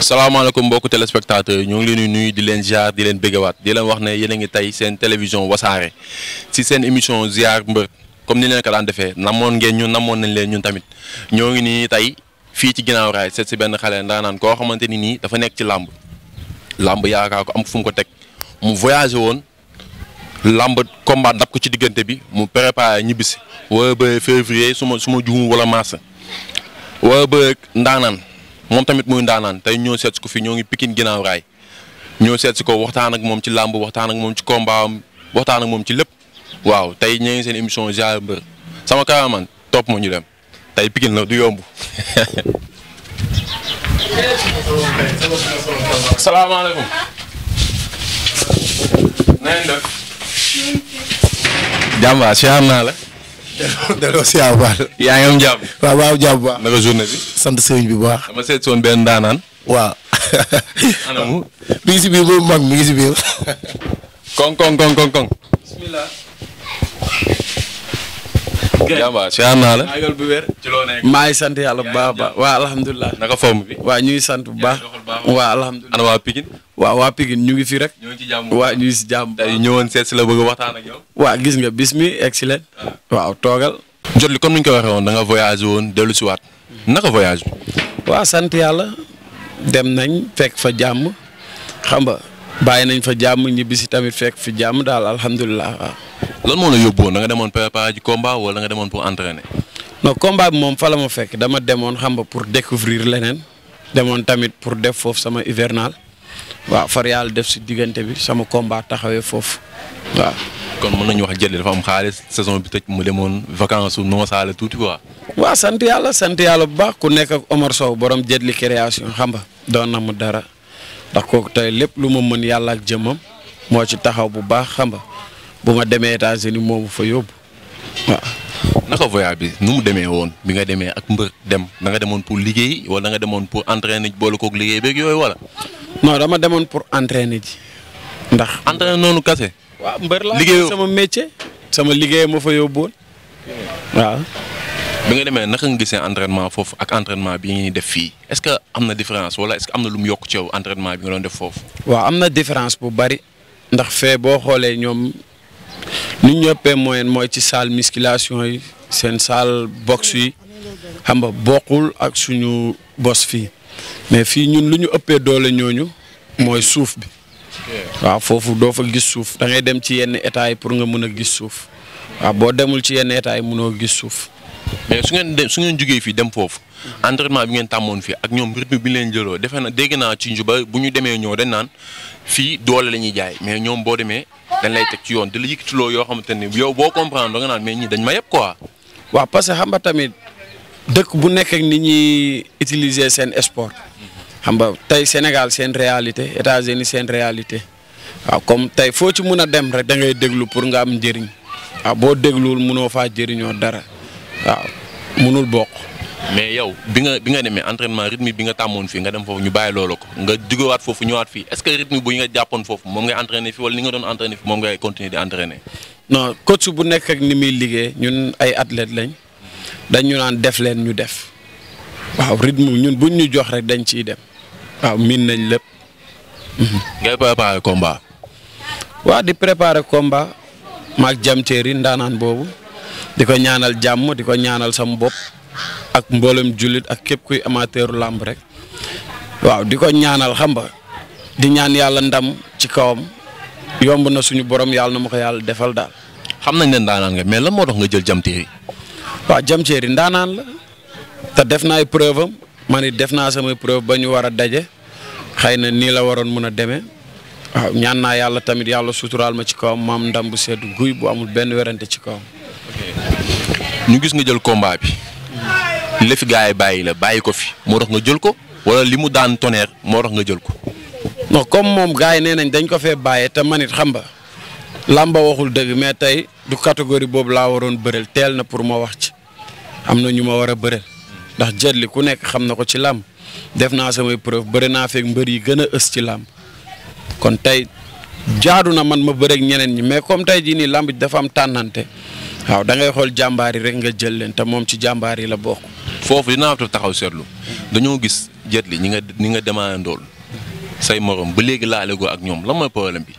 salaamaaleykum mbokku téléspectateur ñoo ngi leen di nuyu di leen ziar di leen béggewaat di leen wax ne yéen ngi tey seen télévision wasaare si seen émission ziar mbër comme ni leen ko daan defee namoon ngeen ñun namoon nañ leen ñun tamit ñoo ngi nii tey fii ci ginnaaw raay si benn xale ndaanaan koo xamante ni dafa nekk ci làmb làmb yaakaar ko fu mu ko teg mu voyagé woon làmb combat dab ko ci diggante bi mu préparé ñibbisi wala ba février su ma su ma juum wala mars wala ba ndaanaan moom tamit muy ndaanaan tey ñoo seet si ko fii ñoo ngi Pikine ginnaaw raay ñoo seet ko waxtaan ak moom ci làmb waxtaan ak moom ci combat waxtaan ak moom ci lépp waaw tey ñoo ngi seen émission Jaar Mbeur sama karaman topp ma ñu dem tey Pikine la du yomb. salaamaaleykum. na ngeen def. jàmbaar naa la. delloo si waaw baax yaa ngi am jàmm. waaw baax. naka journée bi. sant sëriñ bi bu baax. dama seet si woon benn daanaan. waaw. anamu. mi ngi si biir boobu mag mi ngi biir. koŋ koŋ koŋ koŋ koŋ. bismillah. jàmbaar si naa la maa ngi sant yàlla bu baax a baax waa alhamdulilah naka forme bi waa ñu ngi sant bu baax waa alhamdulilah ana waa Pikine ñu ngi fi rek waa ñu ngi si jàmm tey ñëwoon seet si la bëgg waxtaan ak yow waa gis nga bis mi excellent ah. waaw toogal jot li comme ni ñu ko waxee woon danga nga voyage woon dellu si waat naka voyage waa sant yàlla dem nañ fekk fa jàmm xam nga bàyyi nañ fa jàmm ñibbi si tamit fekk fi jàmm daal alhamdulilah lan moo la yóbbuwoon da nga demoon préparer ji combat wala da nga demoon pour entraîner. non combat bi moom fa la ma fekk dama demoon xam nga pour découvrir leneen demoon tamit pour def foofu sama hivernal waaw farial def si diggante bi sama combat taxawee foofu waaw. kon mën nañu wax Dialy dafa am xaalis saison bi tëj mu demoon vacances su non saale tuuti quoi. waaw sant yàlla sant yàlla bu baax ku nekk ak Omar Sow borom Dialy création xam nga doon na mu dara ndax kooku tey lépp lu ma mën yàlla ak moo ci taxaw bu baax xam bu ma demee États-Unis moom fa yóbbu waaw. naka voyage bi nu mu demee woon bi nga demee ak mbër dem da nga demoon pour liggéey wala da demoon pour entraîner boole koog liggéey beeg yooyu wala. non dama demoon pour entraîner ji ndax. entraîner noonu kase. waaw mbër laa sama métier sama liggéey ma fa yóbbuwoon waaw. bi nga demee naka nga gisee entraînement foofu ak entraînement bi ngeen def fii est-ce que am na différence wala est-ce lu mu yokk ci yow entraînement bi nga def foofu. waaw am na différence bu bari ndax fee boo xoolee ñoom ni ñu ñëppee moyenne mooy ci salle musculation yi seen salle boxe yi xam nga bokkul ak suñu bos fii mais fii ñun lu ñu ëppee doole ñooñu mooy suuf bi waaw foofu doo fa gis suuf da ngay dem ci yenn état yi pour nga mën a gis suuf waaw boo demul ci yenn état yi mënoo gis suuf. mais su ngeen de su jógee fii dem foofu entraînement bi ngeen tàmmoon fii ak ñoom rythme bi leen jëloo defe na dégg naa ci njuba bu ñu demee ñoo dañ naan fii doole la ñuy jaay mais ñoom boo demee dañ lay teg ci yoon di la yëkkatiloo yoo xamante ni yow boo comprendre da nga naan mais ñii dañ ma yëpp waaw parce que xam nga tamit dëkk bu nekk ni ñuy utiliser seen esport xam nga tey Sénégal seen réalité États-Unis seen réalité waaw comme tey foo ci mun a dem rek da ngay déglu pour nga am njëriñ waaw boo dégluwul munoo faa jëriñoo dara waaw munul bokk. mais yow bi nga bi nga demee entraînement rythme bi nga tàmmoon fii nga dem foofu ñu bàyyi loolu ko nga jugewaat foofu ñëwaat fii est-ce que rythme bu nga jàppoon foofu moom ngay entraîné fii wala ni nga doon entraîné fii moom ngay continuer di entraîné. non coach bu nekk ak ni muy liggéey ñun ay athlètes lañ dañu naan def leen ñu def waaw rythme ñun buñ ñu jox rek dañ ciy dem waaw miin nañ lépp. Mhm. ngay préparer combat. waaw di préparer combat maag jam teeri ndaanaan boobu di ko ñaanal jàmm di ko ñaanal sama bopp. ak mboolem jullit ak képp kuy amateuru làmb rek waaw di ko ñaanal xam nga di ñaan yàlla ndam ci kawam yomb na suñu borom yàlla na ma ko yàlla defal daal. xam nañ ne ndaanaan nga mais la moo tax nga jël jamteeri. waaw jamteeri ndaanaan la te def na ay preuve am man it def naa samay preuve ba ñu war a daje xëy na nii la waroon mën a deme waaw ñaan naa yàlla tamit yàlla suturaal ma ci kawam maam ndam bu sedd guy bu amul benn werante ci kawam. ñu gis nga jël combat bi. li fi yi bàyyi la bàyyi ko fi moo tax nga jël ko wala li mu daan tonnerre moo tax nga jël ko. non comme moom gars yi nee nañ dañ ko fee bàyyee te ma it xam nga làmba waxul dëgg mais tey du catégorie boobu laa waroon bëreel teel na pour ma wax ci am na ñu ma war a bëreel ndax jël ku nekk xam na ko ci làmb def naa samay preuve bëri naa feeg mbër yi gën a ës ci làmb kon tey jaadu na man ma bëreeg ñeneen ñi mais comme tey jii nii làmb ji dafa am tànnante. waaw dangay xool jàmbaar yi rek nga jël leen te moom ci jàmbaar yi la bokk. foofu dinaa am taxaw seetlu dañoo gis Jet Li ñi nga ñi nga demandé ndool say morom ba léegi laale ko ak ñoom lan mooy problème bi.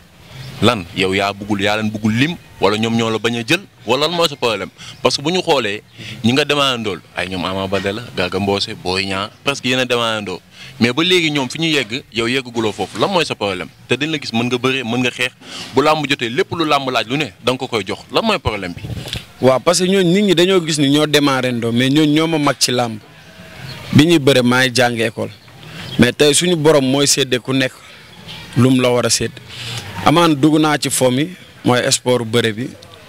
lan yow yaa bëggul yaa leen bëggul lim wala ñoom ñoo la bañ a jël wala lan mooy sa problème parce que bu ñu xoolee ñi nga demandool ay ñoom Ama Baldé la Garga Mbossé Boy Niang presque yéen a demandoo mais ba léegi ñoom fi ñu yegg yow yeggaguloo foofu lan mooy sa problème te dañ la gis mën nga bëree mën nga xeex bu làmb jotee lépp lu làmb laaj lu ne da ko koy jox lan mooy problème bi. waaw parce que ñooñu nit ñi dañoo gis ni ñoo demandoo mais ñooñu ñoo ma mag ci làmb bi ñuy bëre maa ngi jàng école mais tey suñu borom mooy séddee ku nekk lum la war a sédd amaan dugg naa ci fo mi mooy sport bëre bi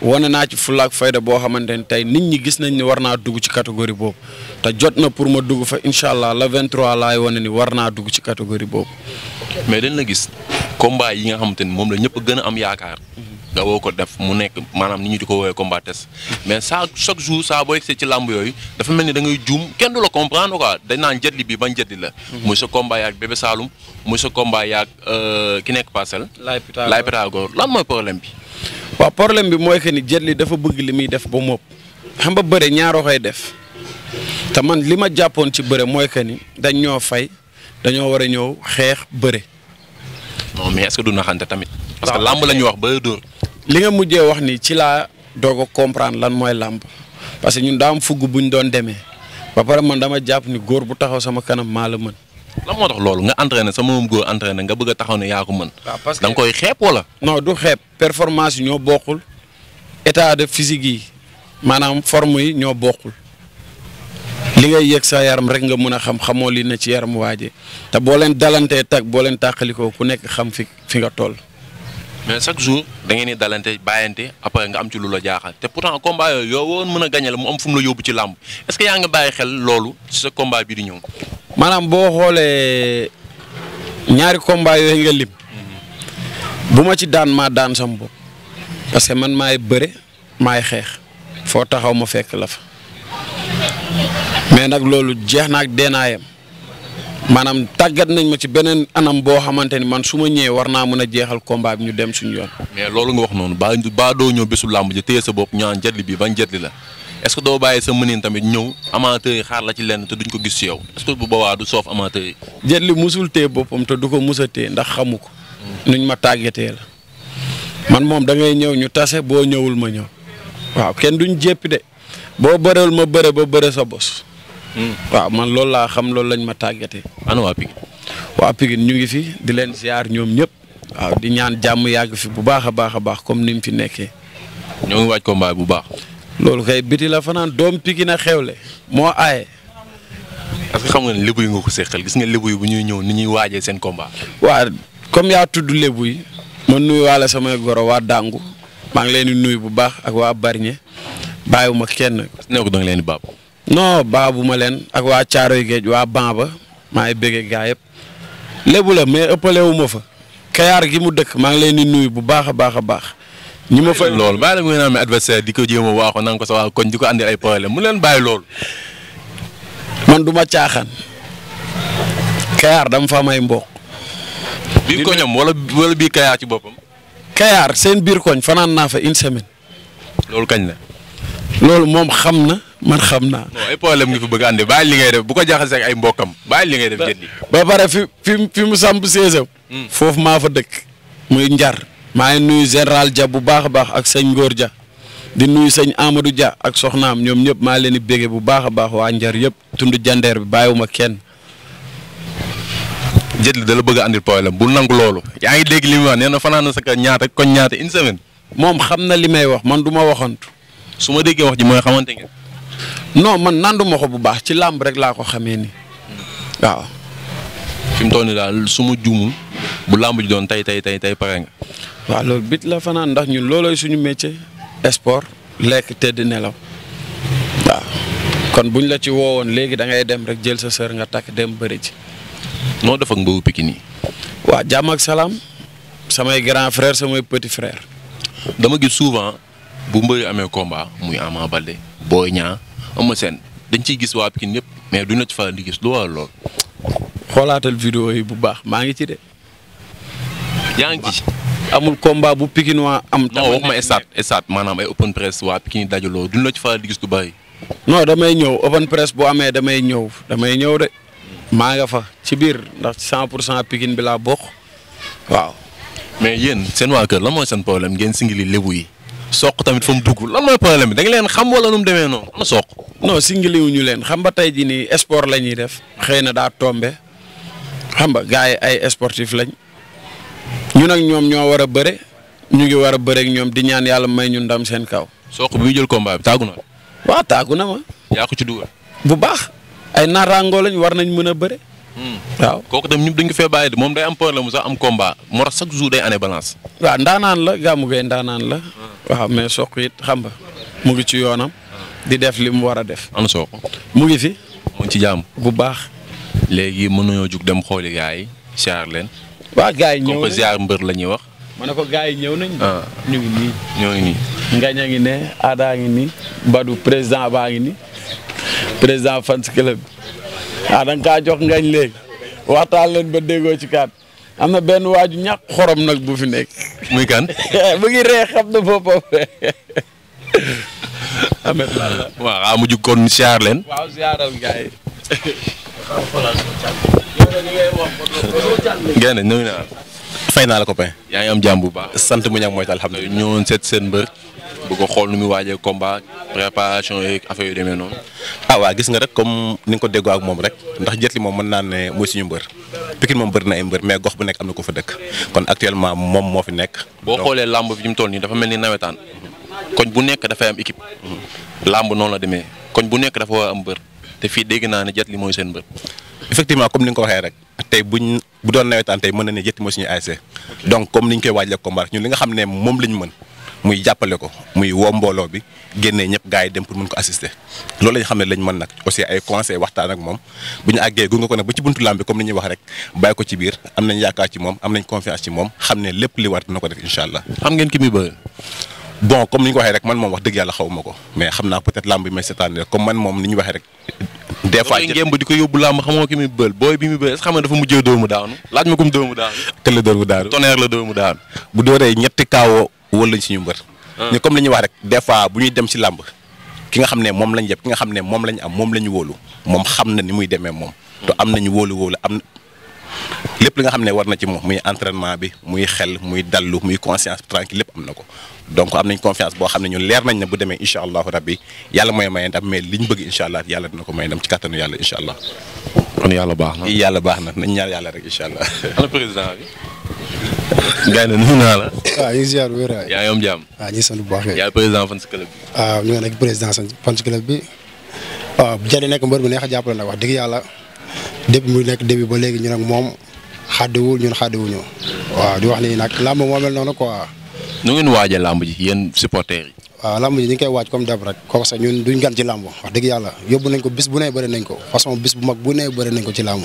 wane naa ci fulla ak fayda boo xamante ni tey nit ñi gis nañ ni war naa dugg ci catégorie boobu te jot na pour ma dugg fa incha allah le 23 laay wane ni war naa dugg ci catégorie boobu. mais dañ na gis combat yi nga xamante ni moom la ñëpp gën a am yaakaar. nga woo ko def mu nekk maanaam ni ñu di ko woowee combat mais saa chaque jour saabo boo ci làmb yooyu dafa mel ni dangay ngay kenn du la comprendre quoi dañ naan jëtli bi ban jëtli la mhm. muy sa combat yaag bébé Saloum muy sa combat yaag euh, ki nekk parcelle laay Pythagore lan mooy problème bi waaw problème bi mooy que ni jëtli dafa bëgg li muy def ba mop xam nga bëre ñaaroo koy def te man li ma jàppoon ci bëre mooy que ni dañ ñoo fay dañoo war a ñëw xeex bëre non mais est-ce que du naxante tamit que làmb la ñuy wax bëre dóor li nga mujjee wax ni ci laa doog a comprendre lan mooy làmp parce que ñun daam am bu ñu doon demee ba pare man dama jàpp ni góor bu taxaw sama kanam maa la mën. lan moo loolu nga entraîné sama moom góor entraîné nga bëgg a taxaw ne yaa ko mën. waaw parce que da koy xeeb wala. non du xeeb performance yi ñoo bokkul état de physique yi maanaam forme yi ñoo bokkul li ngay yëg sa yaram rek nga mën a xam xamoo li na ci yaram waaje te boo leen dalantee tag boo leen tàqalikoo ku nekk xam fi fi nga toll. mais chaque jour da ngeen di dalante bàyyante après nga am ci lu la jaaxal te pourtant combat yooyu yow woon mën a gagné la mu am fu la yóbbu ci làmb est-ce que yaa nga bàyyi xel loolu ci sa combat bi di ñëw. maanaam boo xoolee ñaari combat yooyu nga lim. Mm-hmm. bu ma ci daan ma daan sama bopp parce que man maay bëre maay xeex foo taxaw ma fekk la fa mais nag loolu jeex na ak deenaayam maanaam tàggat nañ ma ci beneen anam boo xamante ni man su ma ñëwee war naa mën a jeexal combat bi ñu dem suñu yoon. mais loolu nga wax noonu baa baa doo ñëw bésu làmb ji téye sa bopp ñaan jetli bi ban jetli la est-ce que doo bàyyi sa mënin tamit ñëw amateur yi xaar la ci lenn te duñ ko gis ci yow est-ce que bu boobaa du soof amateur yi. jetli musul téye boppam te du ko musa a téye ndax xamu ko. nuñ ma tàggatee la. man moom da ngay ñëw ñu tase boo ñëwul ma ñëw waaw kenn duñ jéppi de boo bëreel ma bëre ba bëre sa bos. waaw man loolu laa xam loolu lañ ma tàggate. ana waa Pikine. waa Pikine ñu ngi fi di leen siyaar ñoom ñëpp. waaw di ñaan jàmm yàgg fi bu baax a baax a baax comme ni mu fi nekkee. ñoo ngi waaj combat bu baax. loolu kay biti la fanaan doom Pikine a xewle moo aaye. parce que xam nga ne lébu nga ko seqal gis nga lébu yi bu ñuy ñëw ni ñuy waajee seen combat. waa comme yaa tudd lébu yi. ma nuyuwaale samay goro waa Dangu. maa ngi leen di nuyu bu baax ak waa Bargny bàyyiwuma kenn. ne ko da nga leen di baax. non baabu ma leen ak waa Caaroy Géej waa Bamba maa ngi bëggee gaa yëpp lébu la mais ëppale wu ma fa kayaar gi mu dëkk maa ngi leen di nuyu bu baax a baax a baax. ñu ma fay loolu bàyyi la muy naan di ko jéem a waaxoon na nga ko sa waa koñ di ko andil mu neen bàyyi loolu. man du ma caaxaan. kayaar dama fa may mbokk. biir koñam wala wala biir kayaar ci boppam. kayaar seen biir koñ fanaan naa fa une semaine. loolu kañ la. loolu moom xam na man xam naa. ay problème nga fi bëgg àndi andi bàyyi li ngay def bu ko jaxasee ak ay mbokkam baay li ngay def. jëndi ba pare fi fi fi mu samp séesam. Hmm. foofu maa fa dëkk. muy njar maa ngi nuyu général ja bu baax a baax ak sañ ngoor ja di nuyu sëñ Amadou ja ak soxnaam ñoom ñëpp maa leen di bége bu baax a baax waa njar yëpp tund jandeer bi bàyyiwuma kenn. Jëtli dala bëgg a andil problème bu nangu loolu. yaa ngi dégg li muy wax nee fanaan sa ñaata koñ ñaata une semaine. moom xam na li may wax man du ma su ma déggee wax ji mooy xamante ngeen. non man nandu ko bu baax ci làmb rek laa ko xamee ni waaw. fi mu toll nii daal su ma juumul bu làmb ji doon tey tey tey tey pare nga. waaw loolu bit la fanaan ndax ñu loolooy suñu métier sport lekk tëdd nelaw waaw kon buñ la ci woowoon léegi da ngay dem rek jël sa sër nga takk dem bëri ci. noo def ak mbëru Pikine yi. waaw jàmm ak salaam samay grand frère samay petit frère. dama gis souvent. bu mbëri amee combat muy Ama Baldé Boy Niang Eumeu Sène dañ ciy gis waa Pikine ñëpp mais du la ci faral di gis lu waral lool. xoolaatal vidéo yi bu baax maa ngi ci de. yaa ngi amul combat bu Pikine waa am. taw non waxuma stade stade maanaam ay open press waa Pikine dajaloo du la ci faral di gis lu bari. non damay ñëw open press bu amee damay ñëw damay ñëw de. maa nga fa ci biir ndax 100 pour cent Pikine bi laa bokk waaw. mais yéen seen waa kër la mooy seen problème ngeen singili lébu yi. soq tamit fu mu dugg lan mooy problème bi da leen xam wala nu mu demee noonu na soq. non singiliwuñu leen xam ba tey jii nii sport la ñuy def xëy na daa tombe xam nga gars yi ay sportif lañ ñu nag ñoom ñoo war a bëre ñu ngi war a bëre ñoom di ñaan yàlla may ñu ndam seen kaw. soq bi muy jël combat bi tàggu na. waaw tàggu na ma. yaa ko ci dugal. bu baax ay naataangoo lañ war nañ mën a bëre. Hmm. waaw kooku tam ñu dañ fee bàyyi di moom day am problème mu sax am combat moo tax chaque jour day année balance. waaw ndaanaan la Gamou Gueye ndaanaan la. waaw mais Sokh it xam nga mu ngi ci yoonam. di def li mu war a def. an Sokh mu ngi fi. mu ngi ci jàmm bu baax. léegi mu nañoo jug dem xooli gars yi siyaar leen. waa gars yi ñëw nañ mbër la ñuy wax. ma ne ko gars yi ñëw nañ. Ah. ñu ngi nii. ñoo ngi nii. Ngañ a ngi ne Ada a ngi nii badu président baa ngi nii président fans club ah da nga kaa jox ngañ léegi ba déggoo ci kaat am na benn waaju ñàkk xorom nag bu fi nekk. muy kan. mu ngi ree xam na Amet la waaw waaw ah, kon siyaar leen. waaw siyaaral fay naa la copain. yaa ngi am jàmbu bu sant mu ñàkk mooy taal xam ne ñëwoon seet seen mbër bu ko xool nu muy waajee combat préparation yeeg affaire yu demee noonu. ah waa gis nga rek comme ni nga ko déggoo ak moom rek ndax Jet moom mën naa ne mooy suñu mbër Pikine moom bëri na mbër mais gox bu nekk am na ko fa dëkk kon actuellement moom moo fi nekk. boo xoolee làmb bi ñu mu toll nii dafa mel ni nawetaan koñ bu nekk dafay am équipe. Mm-hmm. làmb noonu la demee koñ bu nekk dafa war am mbër te fii dégg naa ne Jet Li mooy seen mbër. effectivement comme ni nga ko waxee rek tey buñ bu doon nawetaan tey mën na ne jëtti mooy suñu ASC donc comme ni ñu koy waajal combat ñun li nga xam ne moom lañ mën muy jàppale ko muy woo mbooloo bi génnee ñëpp gars yi dem pour mën ko assister loolu lañ xam ne lañ mën nag aussi ay conseil waxtaan ak moom bu ñu àggee gunge ko nag ba ci buntu làmb bi comme ni ñuy wax rek bàyyi ko ci biir am nañ yaakaar ci moom am nañ confiance ci moom lépp li war ko def incha allah. xam ngeen ki muy bëgg bon comme ni ñu ko waxee rek man moom wax dëgg yàlla xaw ma ko mais xam naa peut-être làmb bi may seetaan rek comme man moom ni ñu waxee rek. des fois ngémb di ko yóbbu làmb xamoo ki muy ah. bu ñuy dem ci làmb ki nga xam ne moom lañ yëpp ki nga xam ne moom lañ am moom la ñu wóolu moom xam na ni muy demee moom. te am nañu wóolu wóolu am lépp li nga xam ne war na ci moom muy entraînement bi muy xel muy dallu muy conscience tranquille lépp am na ko donc am nañ confiance boo xam ne ñun leer nañ ne bu demee incha allahu rabbi yàlla mooy may ndam mais liñ bëgg incha allah yàlla dina ko allah. yàlla baax na yàlla baax na nañ ñaan yàlla rek incha allah. ana président bi. gay na nuyu naa la. waaw waaw ñu ngi sant président fan si bi. waaw ñu ngi nekk président bi neex a jàppale nag wax dëgg yàlla depuis mu nekk début ba léegi ñu nag moom xàddiwul ñun xàddiwuñu waaw di wax ni nag làmb moo noonu quoi. nu ngeen waajee làmb ji yéen supporters yi. waaw ji ñu ngi waaj comme d'hab rek ko sax ñun duñ gan ci làmb wax dëgg yàlla yóbbu nañ ko bis bu ne bëri nañ ko façon bis bu mag bu ne bëri nañ ko ci làmb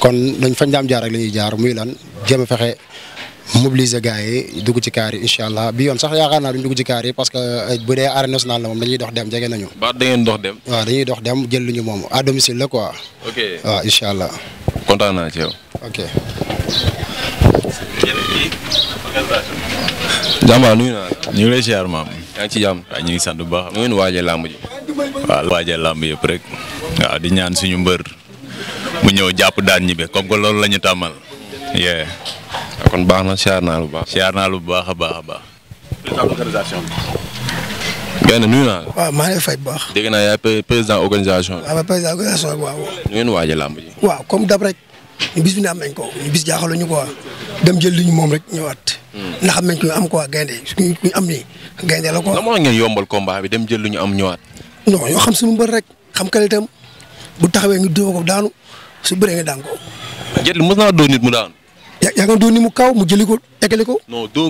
kon dañ fañ daam jaar rek la ñuy jaar muy lan jéem a fexe mobiliser gars yi dugg ci kaar yi allah bi yoon sax yaakaar naa duñ dugg ci kaar parce que euh, bu dee arène la moom dañuy dox dem jege nañu. ba da ngeen dox dem. waaw dañuy dox dem jël lu à domicile la kontaan naa ci yow. ok. jàmbaar nuyu ñu ngi lay ziar maam. yaa ngi ci jàmm. ñu ngi sant bu baax. nu ngeen waajee làmb ji. waaw waajee làmb yëpp rek. waaw di ñaan suñu mbër. mu ñëw jàpp daan ñibbe comme que loolu la tàmmal. yee. kon baax na ziar naa lu baax. ziar naa lu baax a baax a baax. présentation bi. Gaynde nuyu naa maa ngi lay fay bu baax. dégg naa yaay président organisation bi. waaw président organisation bi waaw. ñu ngeen waaj a làmb ji. waaw comme dab rek. bis bi ne am nañ ko bis jaaxal ñu quoi dem jël li ñu moom rek ñëwaat. Hmm. ndax am nañ ko am quoi gaynde suñu am nii gaynde la ko lan moo ngeen yombal combat bi dem jël lu ñu am ñëwaat. non yoo xam suñu mbër rek xam qualité am bu taxawee ñu dóor ko daanu su bëree nga daan ko. jël li mos naa dóor nit mu daanu. yaa nga doon ni mu kaw mu jëli ko eggale ko.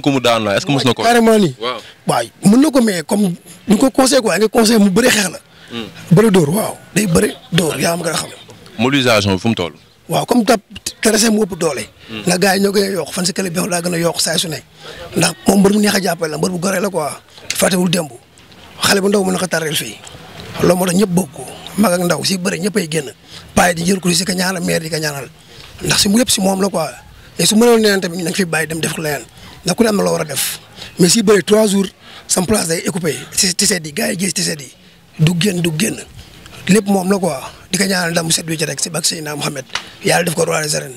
ko mu daan la est-ce ko. carrément nii waaw waaw mën na ko comme ñu ko conseil nga conseil mu bëri xeex la. Hmm. bëri dóor waaw day bëri dóor yaa xam. mobilisation fu mu toll. waaw comme tab terrasse mu doole. ndax hmm. gars yi ñoo gën yokk fan si laa gën a yokk saa su ne. ndax moom mbër neex a jàppale la mbër bu gore la quoi. fàttewul démb xale bu ndaw mën na ko tarreel fii loolu moo tax ñëpp bëgg ko mag ak ndaw si bëri ñëppay génn paay di jël ko si ka ñaanal ka ñaanal ndax mu yëpp si moom la quoi mais su mënoon leneen tamit ñu dañ fiy bàyyi dem def leneen ndax ku ne am na loo war a def mais si bëri trois jours sam place day écoupé ci ci yi gars yi gis ci seet yi du génn du génn lépp moom la ko di ko ñaanal ndam set wi ci rek si bak Seydina Mohamed yàlla def ko roi des arènes.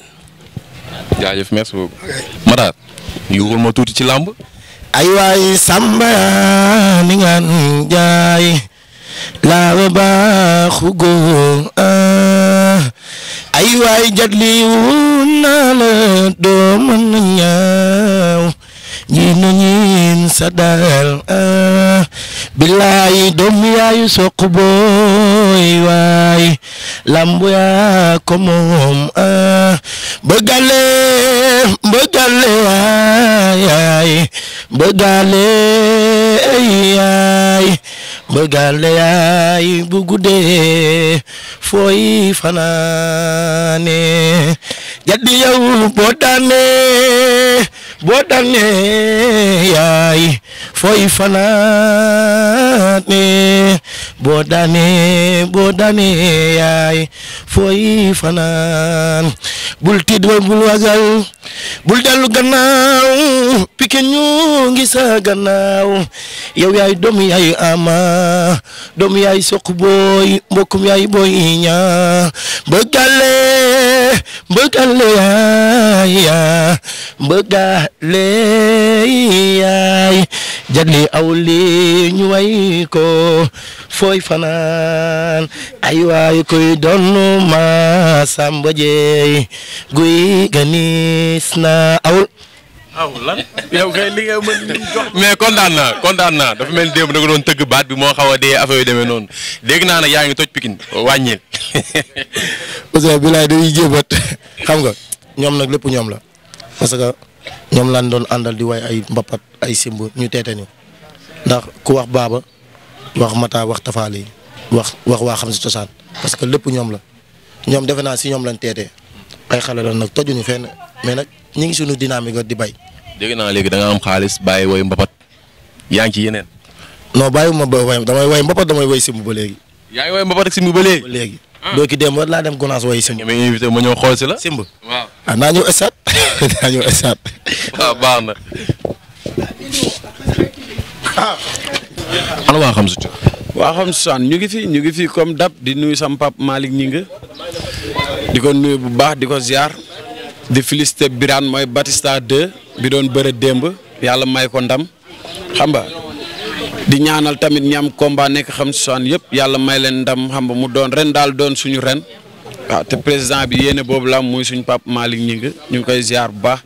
jaajëf merci beaucoup. Matar yuuxul ma tuuti ci làmb. ay waay samba ni nga jaay laa ba baaxu góor ah. ay waay jatli wuun naa doomam na ñaaw ñi sa dal ah, billaay doom yaayu soq booy waay lambu yaa ko moom ah, bëggale bëggale waay bëggale yaay bëggale yaay bu guddee jaddi yow boo daanee boo daanee yaay fooy fanaane boo daanee boo daanee yaay fooy fanaan bul tiit wa bul wagal bul dellu gannaaw pike ñu ngi sa yaay doomu yaay ama doomu yaay soq booy mbokkum yaay booy ñaa bëggale mbëggale yaay mbëggale yaay jagli aw lii ñu way ko fooy fanaan ay waay koy ma samba guy ganis awul aw lan yow kay li nga mën jox mais kontaan naa kontaan naa dafa mel ni démb doon tëgg baat bi moo xaw a dee affaire yu demee noonu dégg naa nag yaa ngi toj pikin wàññil. Ousseyn bilaay dañuy jébat xam nga ñoom nag lépp ñoom la parce que ñoom laan doon àndal di way ay mbapat ay simb ñu teete ñu ndax ku wax baaba wax mata wax tafaali wax wax waa xam si cosaan parce que lépp ñoom la ñoom defe naa si ñoom lañ teetee ay xale la nag tojuñu fenn mais nag. ñu ngi suñu dynamique di bay. dégg naa léegi danga am xaalis bàyyi woy mbapat yaa ngi ci yeneen. noo bàyyiwuma ba woy damay woy mbapat damay woy simb ba léegi. yaa ngi woy mbapat ak simb ba léegi. doo ki dem war laa dem Gonaas woy simb. mais invité ma ñëw xool si la. simb waaw ah naa ñëw stade naa ñëw stade. waaw ah, baax na. ah. ana waa xam si tur. waa xam si ñu ngi fi ñu ngi fi comme dab di nuyu sam pap Malick Ngingue di ko nuyu bu baax di ko ziar. di félicité Birane mooy Batista 2 bi doon bëre démb yàlla may ko ndam xam nga di ñaanal tamit ñam am combat nekk xam saan yëpp yàlla may leen ndam xam nga mu doon ren daal doon suñu ren waaw te président bi yéene boobu la muy suñu Pape Malick ñi ngi ñu ngi koy ziar bu baax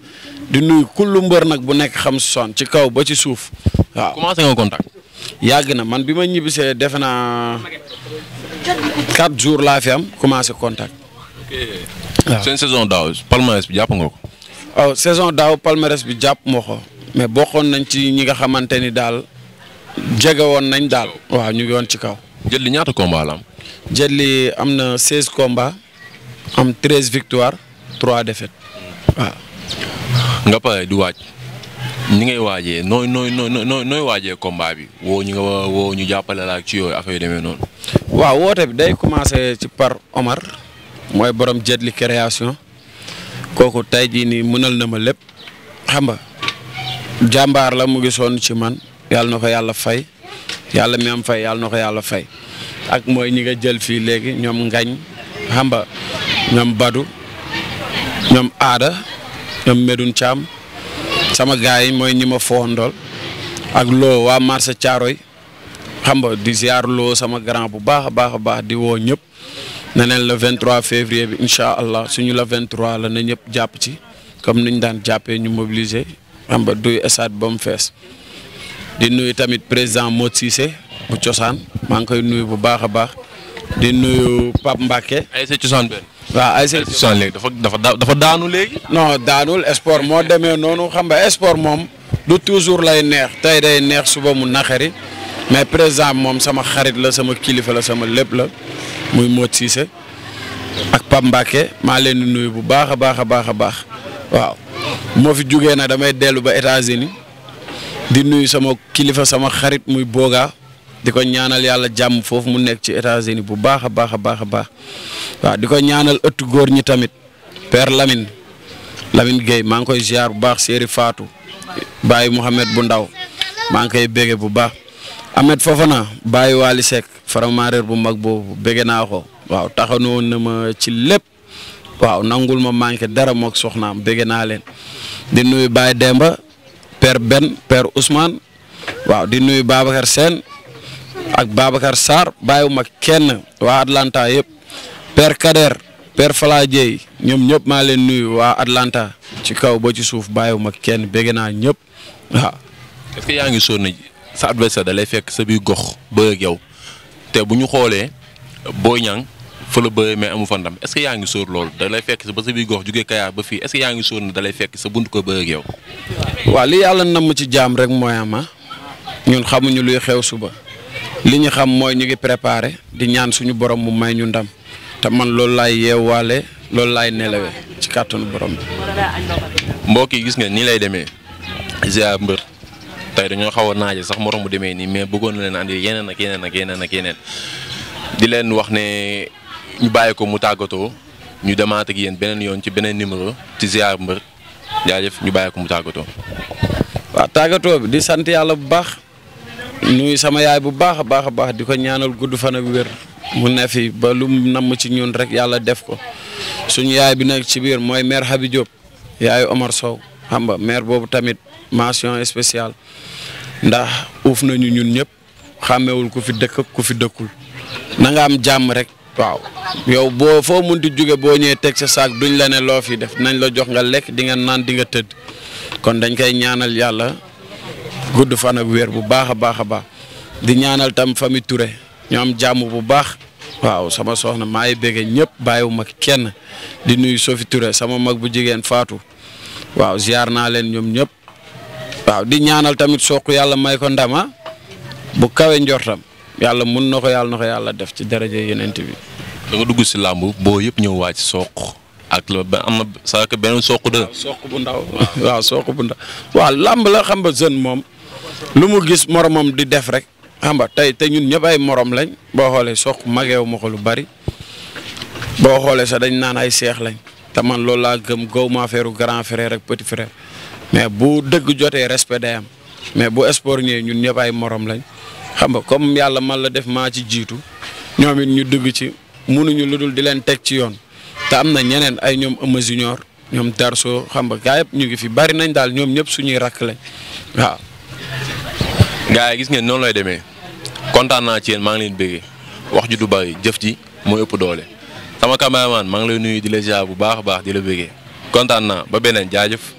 di nuy kullu mbër nag bu nekk xam saan ci kaw ba ci suuf waaw. commencé yàgg na man bi ma ñibbisee defe naa quatre jours laa fi am commencé contact. Ah. seen saison daaw palmarès bi jàpp nga ko. waaw oh, saison bi jàpp ma ko mais bokkoon nañ ci ñi nga xamante ni daal jege woon nañ daal. waaw ñu ngi woon ci kaw. jël li ñaata combat la jël li am na seize combats am treize victoires trois défaites waaw. nga pare di waaj ñi ngay waajee nooy nooy nooy nooy waajee komba bi woo ñu nga woo ñu jàppale la ak ci yooyu affaire yu demee noonu. waaw woote bi day commencé ci par Omar. mooy borom Jetli création kooku tey jii nii mënal na ma lépp xam nga jàmbaar la mu ngi sonn ci man yàlla na ko yàlla fay yàlla mi am fay yàlla na ko yàlla fay ak mooy ñi nga jël fii léegi ñoom ngañ xam nga ñoom Badu ñoom Aada ñoom Medoune caam sama gars yi mooy ñi ma foondool ak loo waa marché Thiaroy xam nga di ziar loo sama grand bu baax a baax a baax di woo ñëpp. ne neen le 23 février bi incha allah suñu la 23 la na ñëpp jàpp ci comme niñ daan jàppee ñu mobiliser xam nga duy esaat ba mu fees di nuyu tamit président Modou Cissé bu cosaan maa ngi koy nuyu bu baax a baax di nuyu Pape Mbacke. ay sa cosaan benn. waaw ay sa cosaan léegi dafa dafa dafa daanu léegi. non daanul sport moo demee noonu xam nga sport moom lu toujours lay neex tey day neex suba mu naxari. mais président moom sama xarit la sama kilifa la sama lépp la muy Modou Cissé ak Pape Mbacké maa leen di nuyu bu baax a baax a baax a baax waaw moo fi jugee nag damay dellu ba États-Unis di nuyu sama kilifa sama xarit muy Boga di ko ñaanal yàlla jàmm foofu mu nekk ci États-Unis bu baax a baax a baax a baax waaw di ko ñaanal ëttu góor ñi tamit per lamin Lamine Gueye maa ngi koy ziar bu baax Séeri faatu bàyyi Mouhamed bu ndaw maa ngi koy bége bu baax. Ahmed Fofana bàyyi Waly Seck faramaareer bu mag boobu bëgg naa ko waaw taxanu woon na ma ci lépp waaw nangul ma manqué dara moog soxnaam bëgg naa leen di nuyu Baye Demba père Ben père Ousmane waaw di nuyu Babacar Sène ak Babacar Sarr mag kenn waa Atlanta yëpp père Kader père Fala Dieye ñoom ñëpp maa leen nuyu waa Atlanta ci kaw ba ci suuf bàyyiwuma kenn bëgg naa ñëpp waaw. est-ce yaa ngi sonn ji sa adversaire da lay fekk sa biir gox ba ak yow te bu ñu xoolee Boy ñaŋ fa la bëree mais amu fa ndam est ce yaa ngi sóor loolu dalay fekk ba sa biir gox jugee Kayaar ba fii est ce que yaa fekk sa bunt ko bëre ak yow. waa li yàlla nam ci jaam rek mooy ama ah. ñun xamuñu luy xew suba li ñu xam mooy ñu ngi préparé di ñaan suñu borom mu may ñu ndam te man loolu laay yeewaale loolu laay nelawee ci kàttanu borom bi. mbokk yi gis nga nii lay demee ziar tey dañoo xaw a sax moroom mu demee nii mais bëggoon na leen andi yeneen ak yeneen leen wax ne ñu bàyyi ko mu tàggatoo ñu demaat yéen beneen yoon ci beneen numéro ci ziar mbër ñu bàyyi mu tàggatoo. tàggatoo bi di sant yàlla bu baax nuyu sama yaay bu baax a baax a baax di ko ñaanal gudd fan ak wér mu ne fi ba lu mu namm ci ñun rek yàlla def ko suñu yaay bi nag ci biir mooy mère Habib Diop yaayu Omar Sow xam nga boobu tamit. mention spéciale ndax uuf nañu ñun ñëpp xàmmewul ku fi dëkk ku fi dëkkul nanga am jàmm rek. waaw yow boo foo munti juge boo ñëwee teg sa saak duñ la ne loo fi def nañ la jox nga lekk di nga naan di nga tëdd kon dañ koy ñaanal yàlla gudd fan ak wér bu baax a baax a baax di ñaanal tam fami ture ñu am jàmm bu baax. waaw sama soxna maa ngi bëgg ñëpp bàyyiwuma kenn di nuyu Sophie Touré sama mag bu jigéen faatu waaw ziar naa leen ñoom ñëpp waaw di ñaanal tamit soq yàlla may ko ndama bu kawee njortam yàlla mun na ko yàlla na ko yàlla def ci daraja yenent bi. da dugg si làmb boo yëpp ñëw waaj soq ak la ba am na beneen soq de. soq bu ndaw waaw soq làmb la xam nga jeune moom lu mu gis moromam di def rek xam tey te ñun ñëpp ay morom lañ boo xoolee soq mageewu ma ko lu bari boo xoolee sax dañ naan ay seex lañ te man loolu laa gëm gaw ma affaire grand frère ak petit frère. mais bu dëgg jotee respect am mais bu sport ñëwee ñun ñëpp ay morom lañ xam nga comme yàlla man la def maa ci jiitu ñoom it ñu dugg ci munuñu lu dul di leen teg ci yoon te am na ñeneen ay ñoom Eumeu Junior ñoom Darso xam nga gaa yëpp ñu ngi fi bari nañ daal ñoom ñëpp suñuy rakk lañ waaw. gaa yi gis ngeen noonu lay demee kontaan naa ci yéen maa ngi leen bëggee wax ju du bari jëf ji moo ëpp doole sama cameraman maa ngi lay nuyu di la ziar bu baax a baax di la bëggee